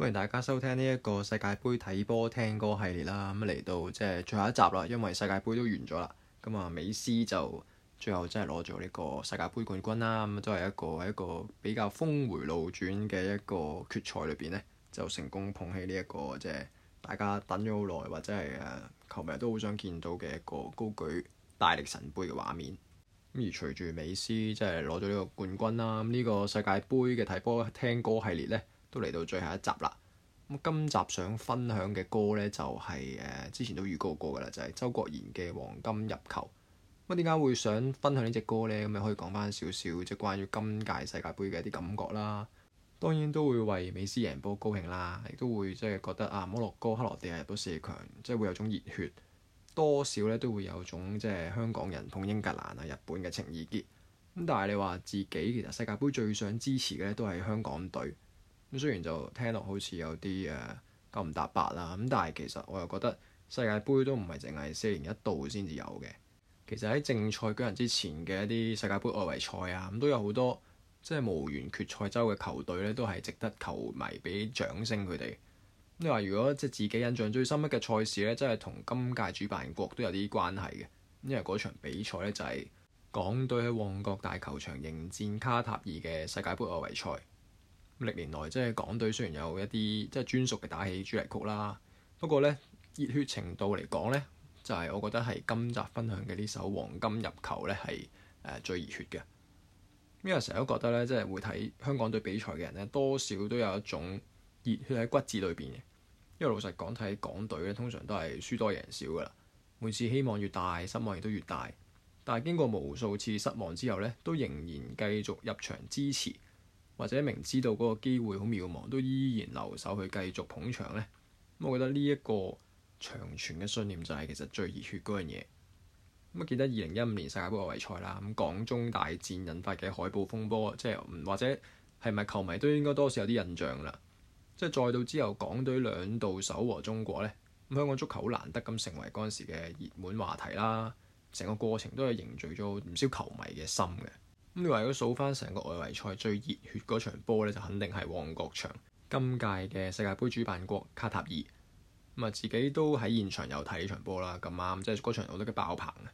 歡迎大家收聽呢一個世界盃睇波聽歌系列啦，咁嚟到即係最後一集啦，因為世界盃都完咗啦。咁啊，美斯就最後真係攞咗呢個世界盃冠軍啦。咁都係一個一個比較峰回路轉嘅一個決賽裏邊呢，就成功捧起呢一個即係、就是、大家等咗好耐或者係誒球迷都好想見到嘅一個高舉大力神盃嘅畫面。咁而隨住美斯即係攞咗呢個冠軍啦，咁、這、呢個世界盃嘅睇波聽歌系列呢。都嚟到最後一集啦。咁今集想分享嘅歌呢，就係、是、誒之前都預告過㗎啦，就係、是、周國賢嘅《黃金入球》。咁點解會想分享呢隻歌呢？咁你可以講返少少即係關於今屆世界盃嘅一啲感覺啦。當然都會為美斯贏波高興啦，亦都會即係覺得啊摩洛哥、克羅地亞入到四強，即係會有種熱血，多少呢都會有種即係香港人同英格蘭啊、日本嘅情意結。咁但係你話自己其實世界盃最想支持嘅呢，都係香港隊。咁雖然就聽落好似有啲誒九唔搭八啦，咁但係其實我又覺得世界杯都唔係淨係四年一度先至有嘅。其實喺正賽舉行之前嘅一啲世界盃外圍賽啊，咁都有好多即係無緣決賽周嘅球隊呢，都係值得球迷俾掌聲佢哋。你話如果即係自己印象最深刻嘅賽事呢，真係同今屆主辦國都有啲關係嘅，因為嗰場比賽呢，就係港隊喺旺角大球場迎戰卡塔爾嘅世界盃外圍賽。歷年來，即係港隊雖然有一啲即係專屬嘅打氣主題曲啦，不過呢熱血程度嚟講呢，就係我覺得係今集分享嘅呢首《黃金入球》呢係最熱血嘅。因為成日都覺得呢，即係會睇香港隊比賽嘅人呢，多少都有一種熱血喺骨子裏邊嘅。因為老實講，睇港隊呢，通常都係輸多贏少噶啦。每次希望越大，失望亦都越大，但係經過無數次失望之後呢，都仍然繼續入場支持。或者明知道嗰個機會好渺茫，都依然留守去繼續捧場咧。咁我覺得呢一個長存嘅信念就係其實最熱血嗰樣嘢。咁啊，記得二零一五年世界盃嘅外圍賽啦，咁港中大戰引發嘅海報風波，即係，或者係咪球迷都應該多少有啲印象啦。即係再到之後港隊兩度守和中國咧，咁香港足球好難得咁成為嗰陣時嘅熱門話題啦。成個過程都係凝聚咗唔少球迷嘅心嘅。咁你話如果數翻成個外圍賽最熱血嗰場波咧，就肯定係旺角場今屆嘅世界盃主辦國卡塔爾。咁啊，自己都喺現場有睇呢場波啦，咁啱即係嗰場我都幾爆棚嘅，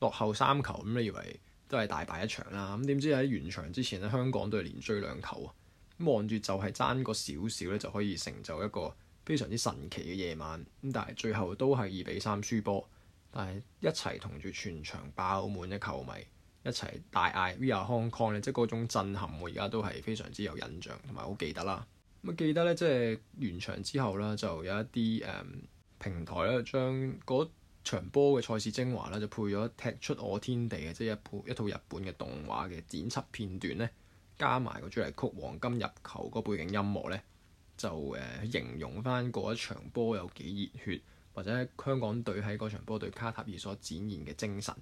落後三球咁，你以為都係大敗一場啦？咁點知喺完場之前咧，香港都係連追兩球啊！望住就係爭個少少咧，就可以成就一個非常之神奇嘅夜晚。咁但係最後都係二比三輸波，但係一齊同住全場爆滿嘅球迷。一齊大嗌 We Are Hong Kong 咧，即係嗰種震撼，我而家都係非常之有印象同埋好記得啦。咁啊記得咧，即係完場之後啦，就有一啲誒、um, 平台咧，將嗰場波嘅賽事精華咧，就配咗踢出我天地嘅，即係一一套日本嘅動畫嘅剪輯片段咧，加埋個主題曲《黃金入球》個背景音樂咧，就誒、uh, 形容翻嗰一場波有幾熱血，或者香港隊喺嗰場波對卡塔爾所展現嘅精神。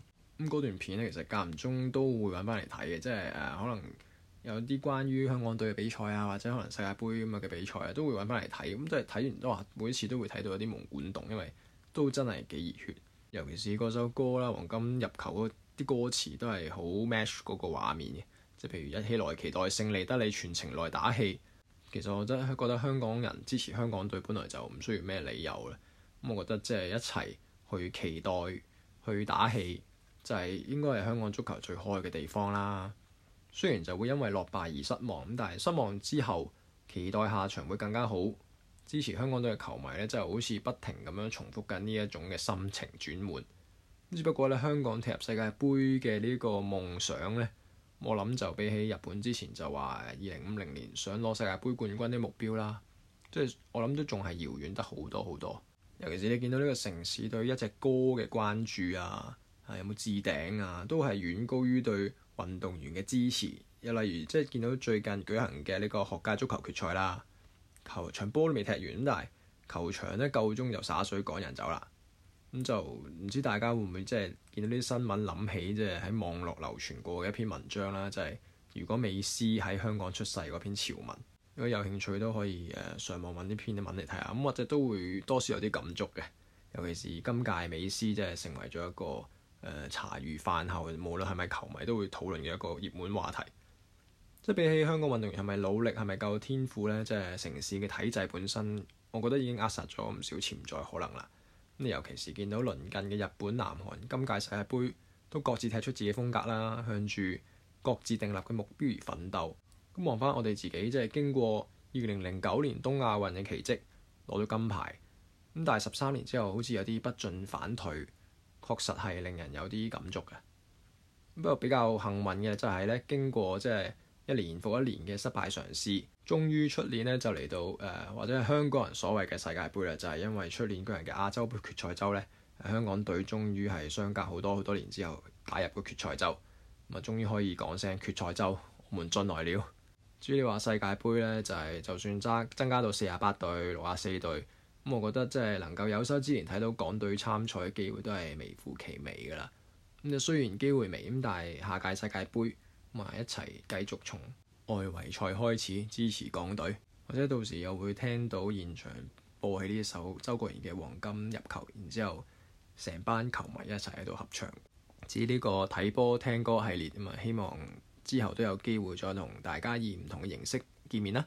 咁、嗯、段片咧，其實間唔中都會揾翻嚟睇嘅，即係誒、啊、可能有啲關於香港隊嘅比賽啊，或者可能世界盃咁樣嘅比賽啊，都會揾翻嚟睇。咁都係睇完都話、哦，每次都會睇到有啲蒙管動，因為都真係幾熱血。尤其是嗰首歌啦，黃金入球嗰啲歌詞都係好 match 嗰個畫面嘅，即係譬如一起來期待勝利，得你全程來打氣。其實我真係覺得香港人支持香港隊本來就唔需要咩理由啦。咁、嗯、我覺得即係一齊去期待，去打氣。就係應該係香港足球最開嘅地方啦。雖然就會因為落敗而失望，但係失望之後，期待下場會更加好。支持香港隊嘅球迷咧，真係好似不停咁樣重複緊呢一種嘅心情轉換。只不過咧，香港踢入世界盃嘅呢個夢想咧，我諗就比起日本之前就話二零五零年想攞世界盃冠軍啲目標啦，即係我諗都仲係遙遠得好多好多。尤其是你見到呢個城市對一隻歌嘅關注啊～啊、有冇置頂啊？都係遠高於對運動員嘅支持。又例如，即係見到最近舉行嘅呢個學界足球決賽啦，球場波都未踢完，但係球場呢夠鍾就灑水趕人走啦。咁、嗯、就唔知大家會唔會即係見到呢啲新聞諗起，即係喺網絡流傳過嘅一篇文章啦，就係如果美斯喺香港出世嗰篇潮文。如果有興趣都可以誒、啊、上網揾啲篇啲文嚟睇下，咁或者都會多少有啲感觸嘅。尤其是今屆美斯即係成為咗一個。誒茶餘飯後，無論係咪球迷都會討論嘅一個熱門話題。即係比起香港運動員係咪努力，係咪夠天賦呢？即係城市嘅體制本身，我覺得已經扼殺咗唔少潛在可能啦。尤其是見到鄰近嘅日本、南韓今屆世界杯都各自踢出自己風格啦，向住各自訂立嘅目標而奮鬥。咁望翻我哋自己，即係經過二零零九年東亞運嘅奇蹟攞咗金牌，咁但係十三年之後好似有啲不進反退。確實係令人有啲感觸嘅，不過比較幸運嘅就係咧，經過即係一年復一年嘅失敗嘗試，終於出年咧就嚟到誒、呃，或者係香港人所謂嘅世界盃啦，就係、是、因為出年嗰人嘅亞洲杯決賽周咧、啊，香港隊終於係相隔好多好多年之後打入個決賽周，咁啊，終於可以講聲決賽周，我們進來了。至於話世界盃咧，就係、是、就算增增加到四十八隊、六十四隊。咁我覺得真係能夠有生之年睇到港隊參賽嘅機會都係微乎其微㗎啦。咁就雖然機會微，咁但係下屆世界盃，咁啊一齊繼續從外圍賽開始支持港隊，或者到時又會聽到現場播起呢一首周國賢嘅《黃金入球》，然之後成班球迷一齊喺度合唱。至於呢個睇波聽歌系列，咁啊，希望之後都有機會再同大家以唔同嘅形式見面啦。